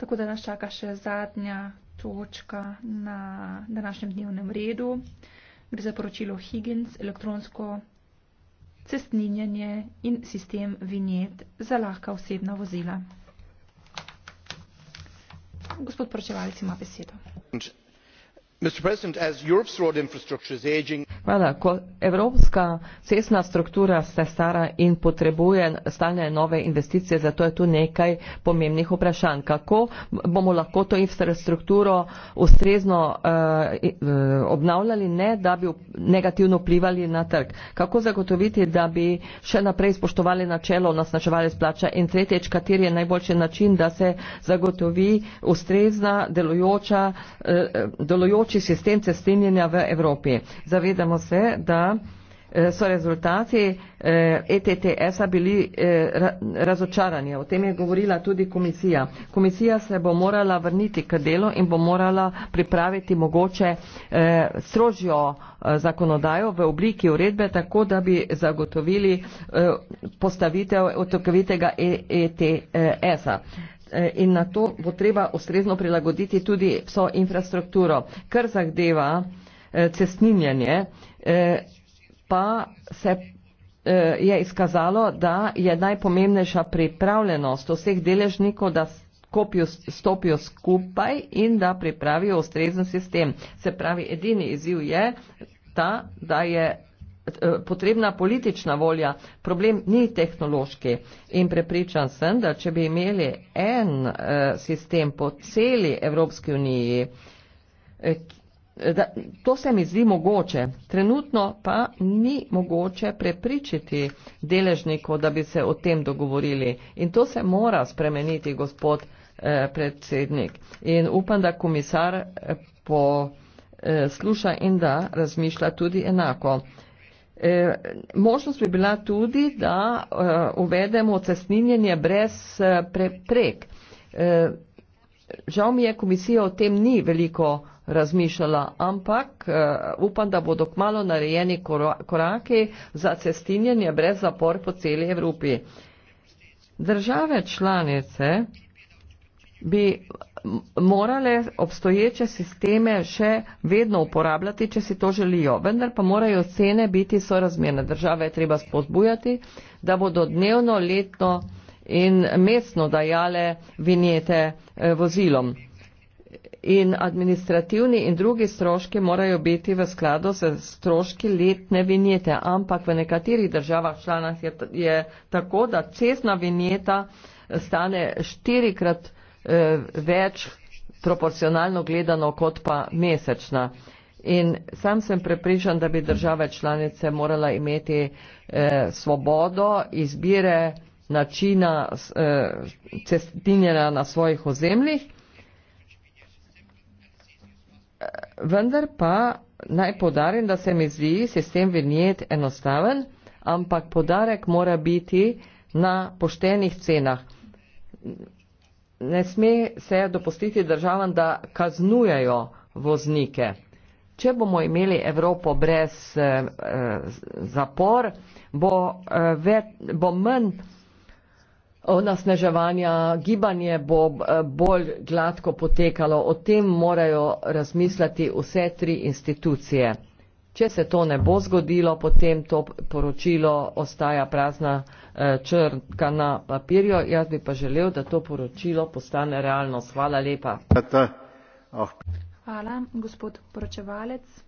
Tako da nas čaka še zadnja točka na današnjem dnevnem redu. Gre za poročilo Higgins, elektronsko cestninjanje in sistem vinjet za lahka osebna vozila. Gospod poročevalec ima besedo. Mr. President, as Europe's road infrastructure is aging, Hvala. Ko Evropska cestna struktura se stara in potrebuje stalne nove investicije, zato je tu nekaj pomembnih vprašanj. Kako bomo lahko to infrastrukturo ustrezno uh, obnavljali, ne da bi negativno vplivali na trg? Kako zagotoviti, da bi še naprej spoštovali načelo nasnačevalec plača? In tretjič, kateri je najboljši način, da se zagotovi ustrezna delujoča, uh, delujoči sistem cestinjenja v Evropi? Zavedam strinjamo se, da eh, so rezultati ETTS-a eh, e bili eh, razočaranje. O tem je govorila tudi komisija. Komisija se bo morala vrniti k delu in bo morala pripraviti mogoče strožjo zakonodajo v obliki uredbe, tako da bi zagotovili postavitev otokovitega ETTS-a. In na to bo treba ustrezno prilagoditi tudi vso infrastrukturo, kar zahdeva Eh, cestninjenje, eh, pa se eh, je izkazalo, da je najpomembnejša pripravljenost vseh deležnikov, da kopijo, stopijo skupaj in da pripravijo ustrezen sistem. Se pravi, edini izziv je ta, da je potrebna politična volja, problem ni tehnološki in prepričan sem, da če bi imeli en sistem po celi Evropski uniji, da, to se mi zdi mogoče. Trenutno pa ni mogoče prepričati deležnikov, da bi se o tem dogovorili. In to se mora spremeniti, gospod eh, predsednik. In upam, da komisar eh, posluša eh, in da razmišlja tudi enako. E, možnost bi bila tudi, da e, uvedemo cestninjenje brez e, preprek. E, žal mi je, komisija o tem ni veliko razmišljala, ampak uh, upam, da bodo kmalo narejeni koraki za cestinjenje brez zapor po celi Evropi. Države članice bi morale obstoječe sisteme še vedno uporabljati, če si to želijo, vendar pa morajo cene biti sorazmerne. Države je treba spodbujati, da bodo dnevno, letno in mestno dajale vinjete eh, vozilom in administrativni in drugi stroški morajo biti v skladu z stroški letne vinjete, ampak v nekaterih državah članah je, je tako, da cestna vinjeta stane štirikrat eh, več proporcionalno gledano kot pa mesečna. In sam sem prepričan, da bi države članice morala imeti eh, svobodo izbire načina eh, cestinjenja na svojih ozemljih. vendar pa naj podarim, da se mi zdi sistem vinjet enostaven, ampak podarek mora biti na poštenih cenah. Ne sme se dopustiti državam, da kaznujejo voznike. Če bomo imeli Evropo brez eh, eh zapor, bo, eh, ve, bo menj onasneževanja, gibanje bo eh, bolj gladko potekalo. O tem morajo razmisliti vse tri institucije. Če se to ne bo zgodilo, potem to poročilo ostaja prazna eh, črka na papirju. Jaz bi pa želel, da to poročilo postane realnost. Hvala lepa. Hvala, gospod poročevalec.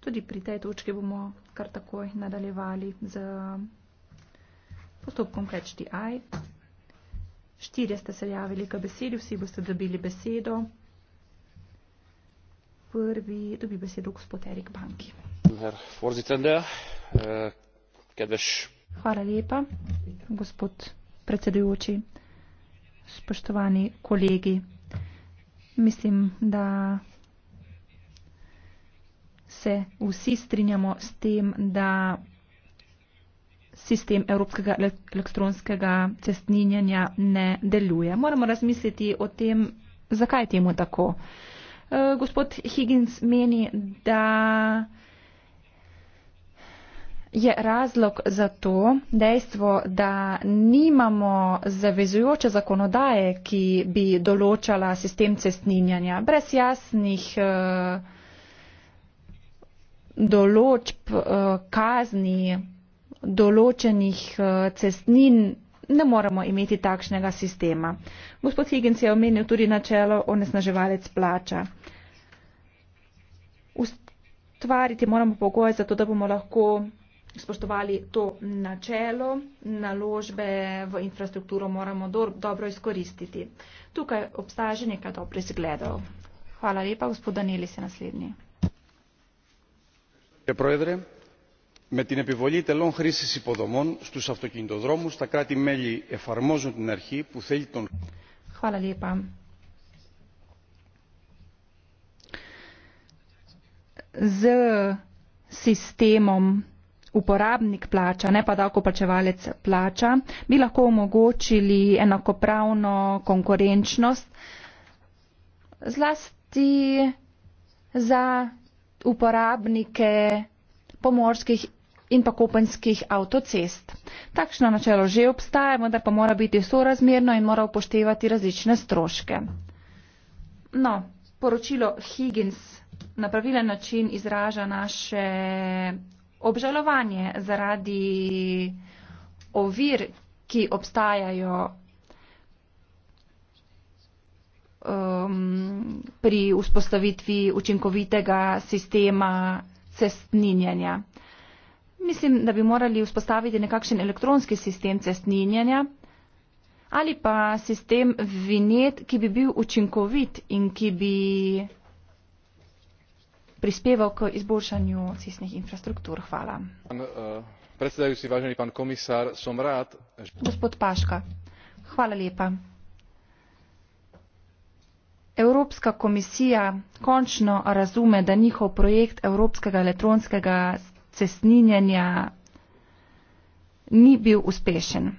Tudi pri tej točki bomo kar takoj nadaljevali z postopkom catch the eye. Štirje ste se javili k besedi, vsi boste dobili besedo. Prvi dobi besedo gospod Erik Banki. Äh, Hvala lepa, gospod predsedujoči, spoštovani kolegi. Mislim, da se vsi strinjamo s tem, da sistem evropskega elektronskega cestninjanja ne deluje. Moramo razmisliti o tem, zakaj je temu tako. Eh, gospod Higgins meni, da je razlog za to dejstvo, da nimamo zavezujoče zakonodaje, ki bi določala sistem cestninjanja. Brez jasnih uh, določb eh, kazni, določenih eh, cestnin, ne moremo imeti takšnega sistema. Gospod Higgins je omenil tudi načelo onesnaževalec plača. Ustvariti moramo pogoje za to, da bomo lahko spoštovali to načelo, naložbe v infrastrukturo moramo do, dobro izkoristiti. Tukaj obstaja že nekaj dobrih zgledov. Hvala lepa, gospod Danieli, se naslednji κύριε πρόεδρε με την επιβολή τελών χρήση υποδομών στου αυτοκινητοδρόμου τα κράτη μέλη εφαρμόζουν την αρχή που θέλει τον. Hvala lepa. Z sistemom uporabnik plača, ne pa davkoplačevalec plača, bi lahko omogočili enakopravno konkurenčnost zlasti za uporabnike pomorskih in pa kopenskih avtocest. Takšno načelo že obstaja, vendar pa mora biti sorazmerno in mora upoštevati različne stroške. No, poročilo Higgins na pravilen način izraža naše obžalovanje zaradi ovir, ki obstajajo um, pri vzpostavitvi učinkovitega sistema cestninjanja. Mislim, da bi morali vzpostaviti nekakšen elektronski sistem cestninjanja ali pa sistem vinet, ki bi bil učinkovit in ki bi prispeval k izboljšanju cestnih infrastruktur. Hvala. Eh, Predstavljajo si, važni pan komisar, som rad. Gospod Paška, hvala lepa. Evropska komisija končno razume, da njihov projekt evropskega elektronskega cestninjenja ni bil uspešen.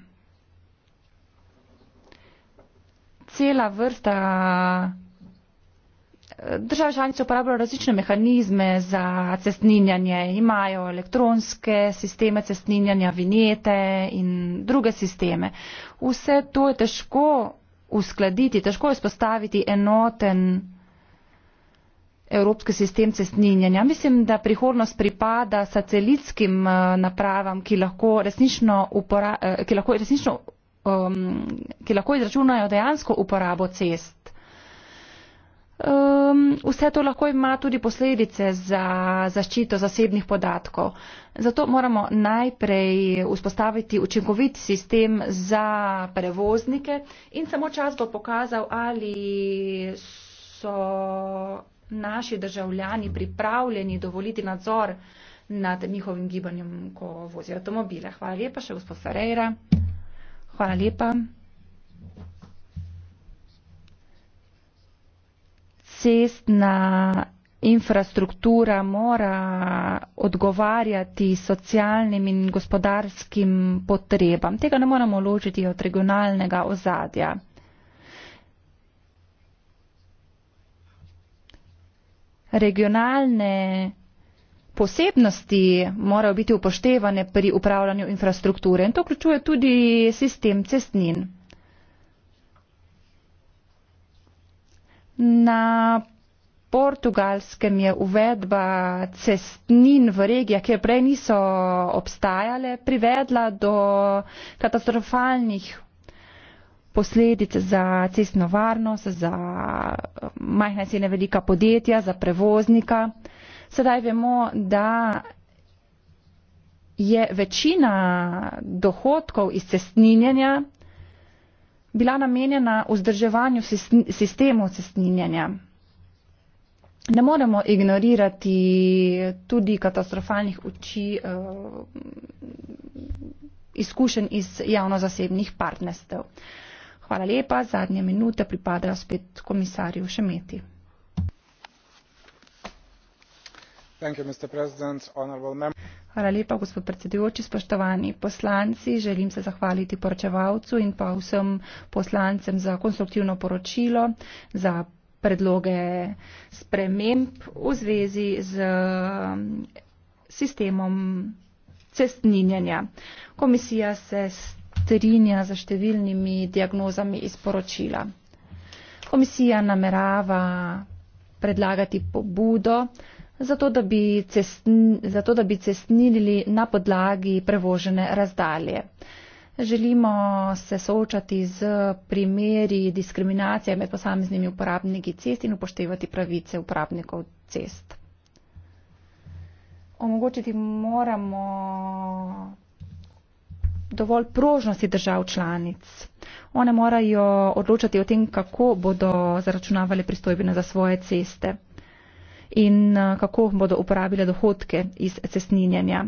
Cela vrsta eh, Države članice uporabljajo različne mehanizme za cestninjanje. Imajo elektronske sisteme cestninjanja, vinjete in druge sisteme. Vse to je težko uskladiti, težko je spostaviti enoten evropski sistem cestninjenja. Mislim, da prihodnost pripada satelitskim eh, napravam, ki lahko resnično, upora, eh, ki lahko resnično um, ki lahko izračunajo dejansko uporabo cest um, vse to lahko ima tudi posledice za zaščito zasebnih podatkov. Zato moramo najprej vzpostaviti učinkovit sistem za prevoznike in samo čas bo pokazal, ali so naši državljani pripravljeni dovoliti nadzor nad njihovim gibanjem, ko vozijo avtomobile. Hvala lepa še gospod Ferreira. Hvala lepa. cestna infrastruktura mora odgovarjati socialnim in gospodarskim potrebam. Tega ne moramo ločiti od regionalnega ozadja. Regionalne posebnosti morajo biti upoštevane pri upravljanju infrastrukture in to vključuje tudi sistem cestnin. Na portugalskem je uvedba cestnin v regijah, kjer prej niso obstajale, privedla do katastrofalnih posledic za cestno varnost, za eh, majhne cene velika podjetja, za prevoznika. Sedaj vemo, da je večina dohodkov iz cestninjenja bila namenjena vzdrževanju sistemov cestninjenja. Ne moremo ignorirati tudi katastrofalnih oči eh, izkušenj iz javno-zasebnih partnerstev. Hvala lepa, zadnje minute pripadajo spet komisarju Šemeti. Thank you, Mr. President. Honorable members. Hvala lepa, gospod predsedujoči, spoštovani poslanci. Želim se zahvaliti poročevalcu in pa vsem poslancem za konstruktivno poročilo, za predloge sprememb v zvezi z um, sistemom cestninjanja. Komisija se strinja za številnimi diagnozami iz poročila. Komisija namerava predlagati pobudo zato da bi, cestn, zato, da bi cestnili na podlagi prevožene razdalje. Želimo se soočati z primeri diskriminacije med posameznimi uporabniki cest in upoštevati pravice uporabnikov cest. Omogočiti moramo dovolj prožnosti držav članic. One morajo odločati o tem, kako bodo zaračunavali pristojbine za svoje ceste in eh, kako bodo uporabile dohodke iz cestninjenja.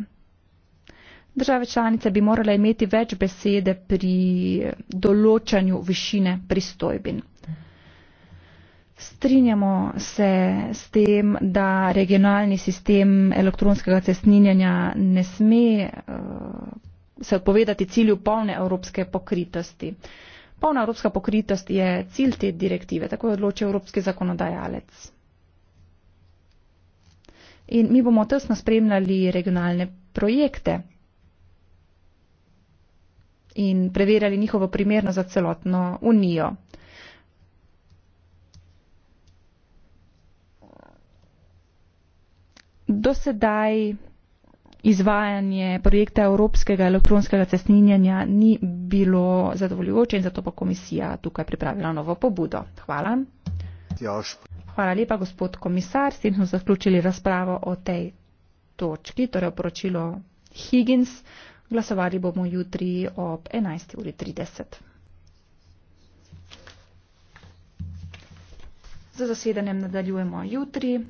Države članice bi morale imeti več besede pri eh, določanju višine pristojbin. Strinjamo se s tem, da regionalni sistem elektronskega cestninjanja ne sme uh, se odpovedati cilju polne evropske pokritosti. Polna evropska pokritost je cilj te direktive, tako je odločil evropski zakonodajalec in mi bomo tesno spremljali regionalne projekte in preverjali njihovo primerno za celotno unijo. Do sedaj izvajanje projekta evropskega elektronskega cestninjanja ni bilo zadovoljujoče in zato bo komisija tukaj pripravila novo pobudo. Hvala. Jož. Hvala lepa, gospod komisar. S tem smo zaključili razpravo o tej točki, torej o poročilu Higgins. Glasovali bomo jutri ob 11.30. Za zasedanjem nadaljujemo jutri.